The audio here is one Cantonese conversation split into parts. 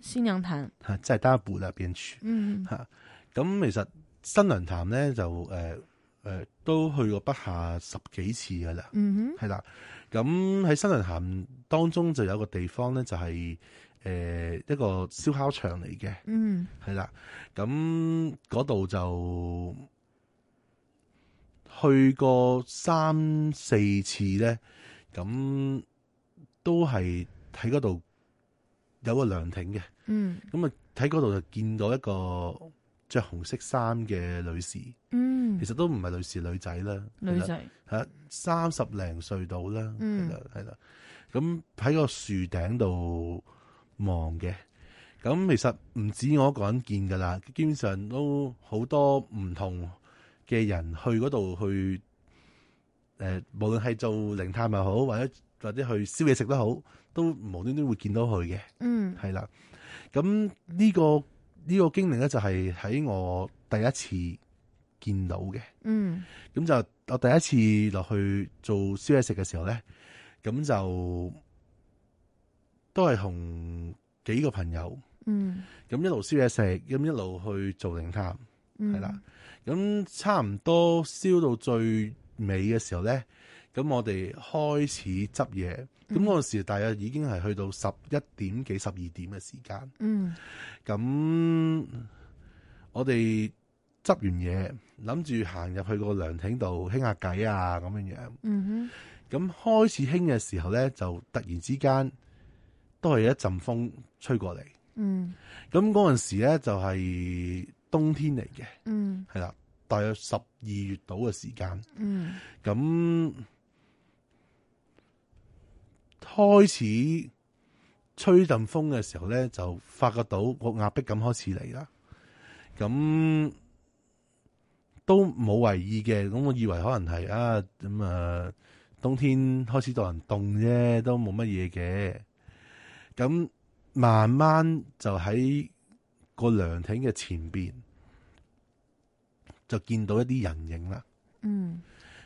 新娘潭吓，即係丹步入邊處。吓咁，嗯啊、其實新娘潭咧就誒誒、呃呃，都去過不下十幾次噶啦。嗯哼，係啦。咁喺新娘潭當中就有個地方咧，就係、是、誒、呃、一個燒烤場嚟嘅。嗯，係啦。咁嗰度就去過三四次咧，咁都係喺嗰度。有個涼亭嘅，咁啊喺嗰度就見到一個着紅色衫嘅女士，嗯，其實都唔係女士女仔啦，女仔係啊三十零歲到啦，係啦係啦，咁喺個樹頂度望嘅，咁其實唔止我一個人見㗎啦，基本上都好多唔同嘅人去嗰度去，誒、呃、無論係做靈探又好或者，或者去燒嘢食都好，都無端端會見到佢嘅，嗯，係啦。咁呢、呢個呢、呢個經歷咧，就係喺我第一次見到嘅，嗯。咁就我第一次落去做燒嘢食嘅時候咧，咁就都係同幾個朋友，嗯，咁一路燒嘢食，咁一路去做靈探，係、嗯、啦。咁差唔多燒到最尾嘅時候咧。咁我哋開始執嘢，咁嗰陣時大約已經係去到十一點幾十二點嘅時間。嗯，咁我哋執完嘢，諗住行入去個涼亭度傾下偈啊，咁樣樣。嗯哼，咁開始傾嘅時候咧，就突然之間都係一陣風吹過嚟。嗯，咁嗰陣時咧就係冬天嚟嘅。嗯，係啦，大約十二月度嘅時間。嗯，咁。開始吹陣風嘅時候咧，就發覺到個壓迫感開始嚟啦。咁都冇為意嘅，咁我以為可能係啊咁啊冬天開始多人凍啫，都冇乜嘢嘅。咁慢慢就喺個涼亭嘅前邊就見到一啲人影啦。嗯，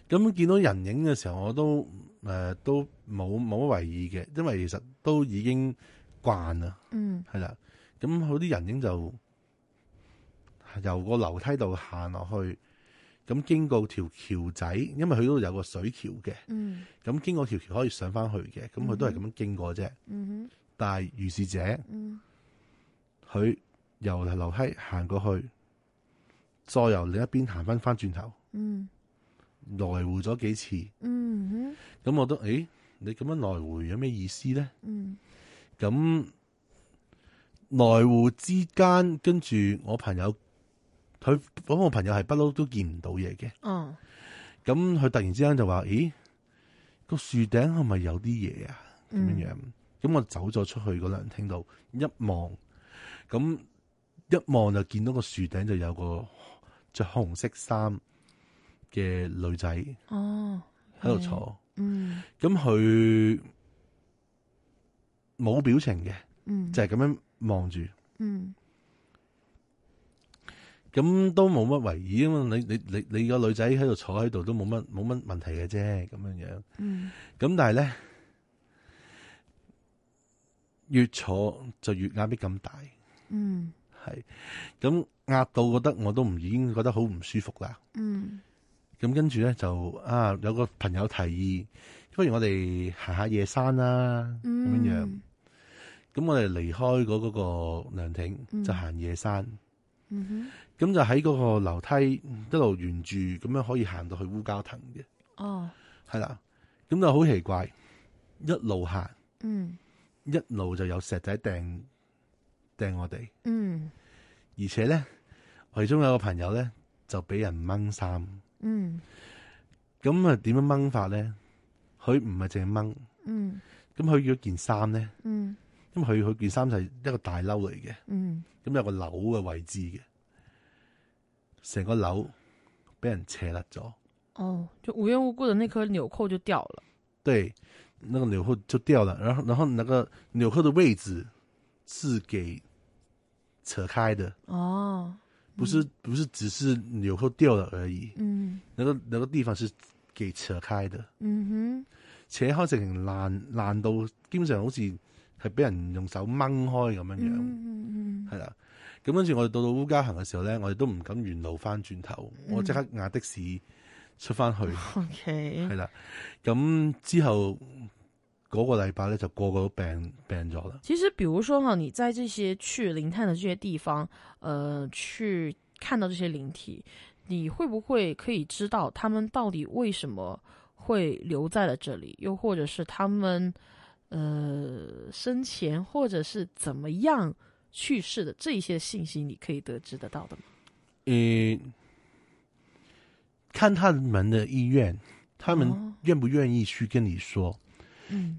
咁見到人影嘅時候，我都。誒、呃，都冇冇乜為意嘅，因為其實都已經慣啦，係、嗯、啦。咁好啲人已經就由個樓梯度行落去，咁經過條橋仔，因為佢嗰度有個水橋嘅，咁、嗯、經過條橋可以上翻去嘅，咁佢都係咁樣經過啫、嗯嗯。但係如是者，佢由樓梯行過去，再由另一邊行翻翻轉頭。嗯來回咗幾次，咁、嗯、我覺得誒、哎，你咁樣來回有咩意思咧？咁、嗯、來回之間，跟住我朋友，佢嗰個朋友係不嬲都見唔到嘢嘅。咁、哦、佢突然之間就話：，咦、哎，個樹頂係咪有啲嘢啊咁樣樣。咁、嗯、我走咗出去個涼亭度一望，咁一望就見到個樹頂就有個着紅色衫。嘅女仔，哦，喺度坐，嗯，咁佢冇表情嘅，嗯，就係、是、咁樣望住，嗯，咁都冇乜為意啊嘛，你你你你個女仔喺度坐喺度都冇乜冇乜問題嘅啫，咁樣樣，嗯，咁但係咧越坐就越壓迫咁大，嗯，係，咁壓到覺得我都唔已經覺得好唔舒服啦，嗯。咁跟住咧，就啊有個朋友提議，不如我哋行下夜山啦，咁、嗯、樣咁我哋離開嗰嗰個涼亭，嗯、就行夜山。咁、嗯、就喺嗰個樓梯一路沿住咁樣可以行到去烏蛟騰嘅。哦，係啦。咁就好奇怪，一路行、嗯，一路就有石仔掟掟我哋。嗯，而且咧，其中有一個朋友咧就俾人掹衫。嗯，咁啊，點樣掹法咧？佢唔係淨係掹，嗯，咁佢嗰件衫咧，嗯，咁佢佢件衫就係一個大褸嚟嘅，嗯，咁、嗯嗯、有個鈕嘅位置嘅，成個鈕俾人扯甩咗，哦，就無緣無故的那顆紐扣就掉了，對，那個紐扣就掉了，然後然後那個紐扣的位置是給扯開的，哦。不是，不是，只是紐扣掉了而已。嗯，那個、那個地方是給扯開的。嗯哼，前後勁爛爛到基本上好似係俾人用手掹開咁樣樣。嗯嗯，係啦。咁跟住我哋到到烏家行嘅時候咧，我哋都唔敢沿路翻轉頭，我即刻押的士出翻去。O、嗯、K。係啦，咁、okay. 之後。嗰個禮拜咧，就個個病病咗啦。其實，比如說哈、啊,你在這些去靈探的這些地方、呃，去看到這些靈體，你會不會可以知道他們到底為什麼會留在了這裏？又或者是他們，呃、生前或者是怎麼樣去世的？這些信息你可以得知得到的嗎、呃？看他們的意願，他們願不願意去跟你說？哦、嗯。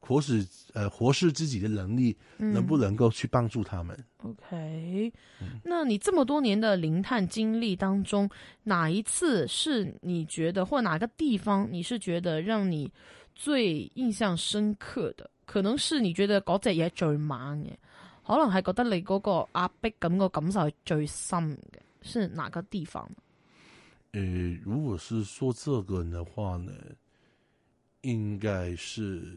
或是呃，活是自己的能力、嗯、能不能夠去幫助他們？OK，嗯、那你這麼多年的靈探經歷當中，哪一次是你覺得，或哪個地方你是覺得讓你最印象深刻的？可能是你覺得嗰隻嘢最猛嘅，可能係覺得你嗰個壓逼感個感受最深嘅，是哪個地方？呃，如果是說這個的話呢，應該是。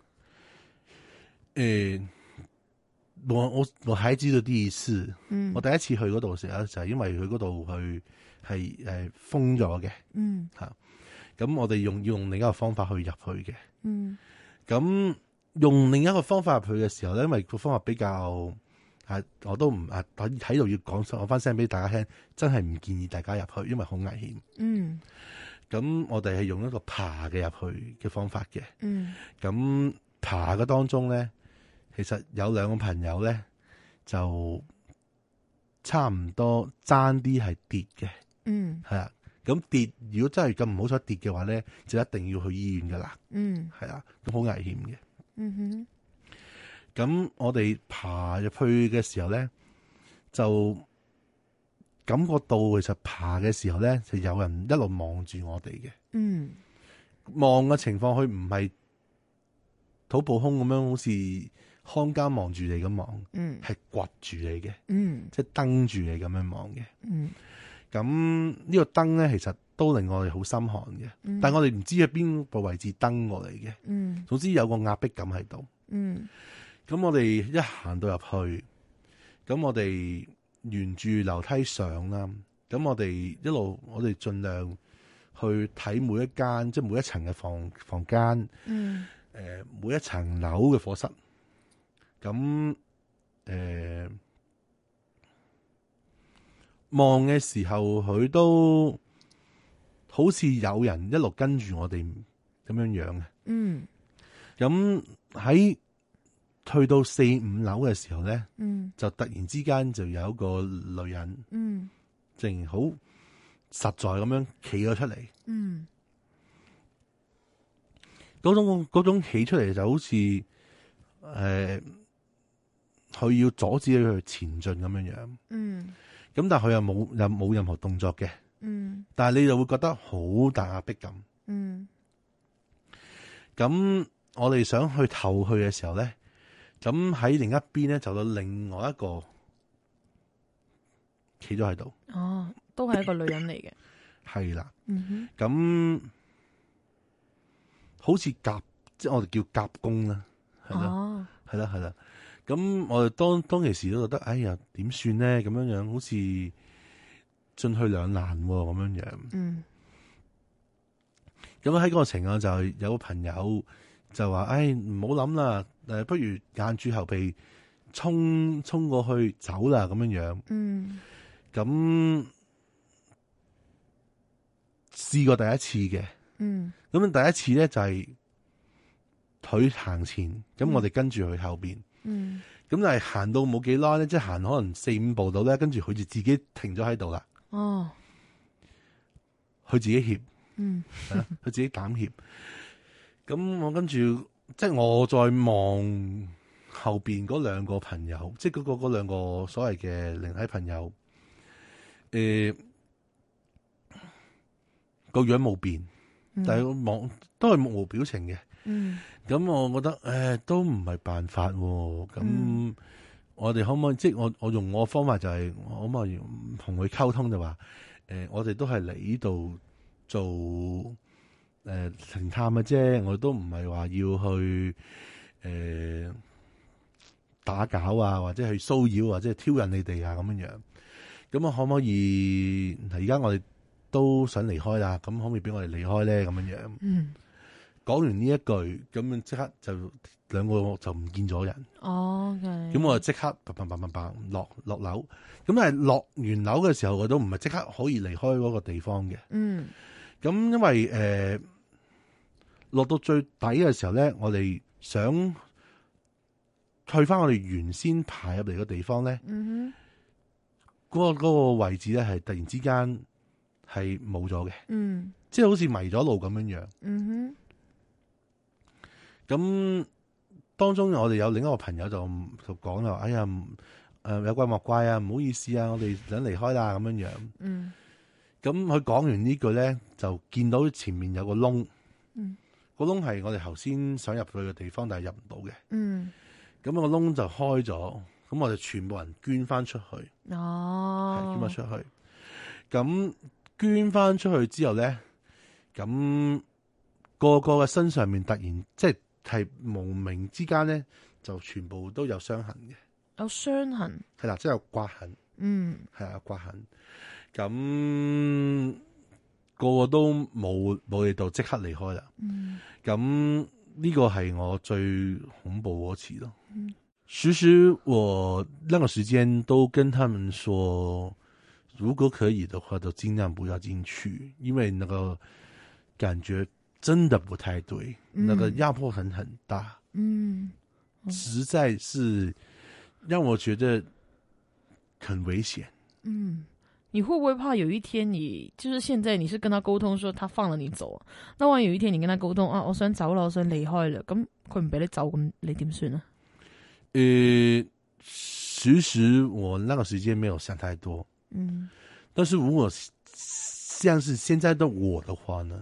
誒、嗯，我我我係知道啲意思，嗯。我第一次去嗰度時候啊，就係因為佢嗰度佢係誒封咗嘅。嗯，吓咁，我哋用要用另一個方法去入去嘅。嗯，咁、嗯嗯、用另一個方法入去嘅時候咧，因為個方法比較啊，我都唔，啊，喺度要講講翻聲俾大家聽，真係唔建議大家入去，因為好危險。嗯，咁我哋係用一個爬嘅入去嘅方法嘅。嗯，咁爬嘅當中咧。其實有兩個朋友咧，就差唔多爭啲係跌嘅，嗯，係啦。咁跌如果真係咁唔好彩跌嘅話咧，就一定要去醫院噶啦，嗯，係啦，咁好危險嘅，嗯哼。咁我哋爬入去嘅時候咧，就感覺到其實爬嘅時候咧，就有人一路望住我哋嘅，嗯，望嘅情況佢唔係吐步空咁樣，好似。康家望住你咁望，係掘住你嘅、嗯，即係瞪住你咁樣望嘅。咁、嗯、呢個燈咧，其實都令我哋好心寒嘅、嗯。但係我哋唔知喺邊個位置燈過嚟嘅。總之有個壓迫感喺度。咁、嗯、我哋一行到入去，咁我哋沿住樓梯上啦。咁我哋一路，我哋盡量去睇每一間，即係每一層嘅房房間。誒、嗯呃，每一層樓嘅課室。咁，誒、呃，望嘅時候佢都好似有人一路跟住我哋咁樣樣嘅。嗯。咁喺去到四五樓嘅時候咧，嗯，就突然之間就有一個女人，嗯，正好實在咁樣企咗出嚟，嗯，嗰種嗰種企出嚟就好似，誒、呃。嗯佢要阻止佢去前進咁樣樣，嗯，咁但係佢又冇又冇任何動作嘅，嗯，但係你就會覺得好大壓迫感，嗯，咁我哋想去投去嘅時候咧，咁喺另一邊咧就到另外一個企咗喺度，哦，都係一個女人嚟嘅，係 啦，咁、嗯、好似夾即係我哋叫夾攻啦，係咯，係、哦、啦，係啦。咁我哋當當其時都覺得，哎呀，點算咧？咁樣樣好似進退兩難咁、哦、樣樣。嗯。咁喺嗰個情況就有個朋友就話，哎，唔好諗啦，誒，不如硬住頭皮衝衝過去走啦。咁樣樣。嗯。咁試過第一次嘅。嗯。咁第一次咧就係、是、腿行前，咁我哋跟住佢後邊。嗯嗯，咁但係行到冇幾耐，咧，即係行可能四五步到咧，跟住佢就自己停咗喺度啦。哦，佢自己怯，嗯，佢 自己膽怯。咁我跟住，即係我再望後邊嗰兩個朋友，即係、嗰、嗰個嗰兩個所謂嘅靈體朋友。誒、呃，嗰個樣冇變，但係我望都係目無表情嘅。嗯，咁我覺得誒都唔係辦法喎、啊。咁我哋可唔可以，嗯、即係我我用我方法就係，可唔可以同佢溝通就話，誒我哋都係嚟呢度做誒靈探嘅啫，我都唔係話要去誒、呃、打攪啊，或者去騷擾、啊、或者挑釁你哋啊咁樣樣。咁我可唔可以？而家我哋都想離開啦，咁可唔可以俾我哋離開咧？咁樣樣。嗯。講完呢一句咁樣，即刻就兩個就唔見咗人哦。咁、okay，我就即刻嘭嘭嘭嘭落落樓。咁但係落完樓嘅時候，我都唔係即刻可以離開嗰個地方嘅。嗯，咁因為誒、呃、落到最底嘅時候咧，我哋想退翻我哋原先爬入嚟嘅地方咧。嗯哼，嗰個、嗰個位置咧係突然之間係冇咗嘅。嗯，即係好似迷咗路咁樣樣。嗯哼。咁當中我哋有另一個朋友就就講啦，哎呀，誒有怪莫怪啊，唔好意思啊，我哋想離開啦咁樣樣。嗯，咁佢講完呢句咧，就見到前面有個窿。嗯，個窿係我哋頭先想入去嘅地方，但係入唔到嘅。嗯，咁個窿就開咗，咁我哋全部人捐翻出去。哦，捐翻出去。咁捐翻出去之後咧，咁個個嘅身上面突然即係。係無名之間呢，就全部都有傷痕嘅，有傷痕係啦，即係有刮痕，嗯，係啊，刮痕，咁個個都冇冇嘢到即刻離開啦。咁、嗯、呢、這個係我最恐怖嗰次咯。嗯，其實我那個時間都跟他們說，如果可以的話，就盡量不要進去，因為那個感覺。真的不太對，嗯、那個壓迫很很大，嗯，實在是讓我覺得很危險。嗯，你會不會怕有一天你就是現在你是跟他溝通說他放了你走，那萬一有一天你跟他溝通啊，我想走了，我想離開了，咁佢唔俾你走，咁你點算呢？呃，其實我那個時間沒有想太多，嗯，但是如果像是現在的我的話呢？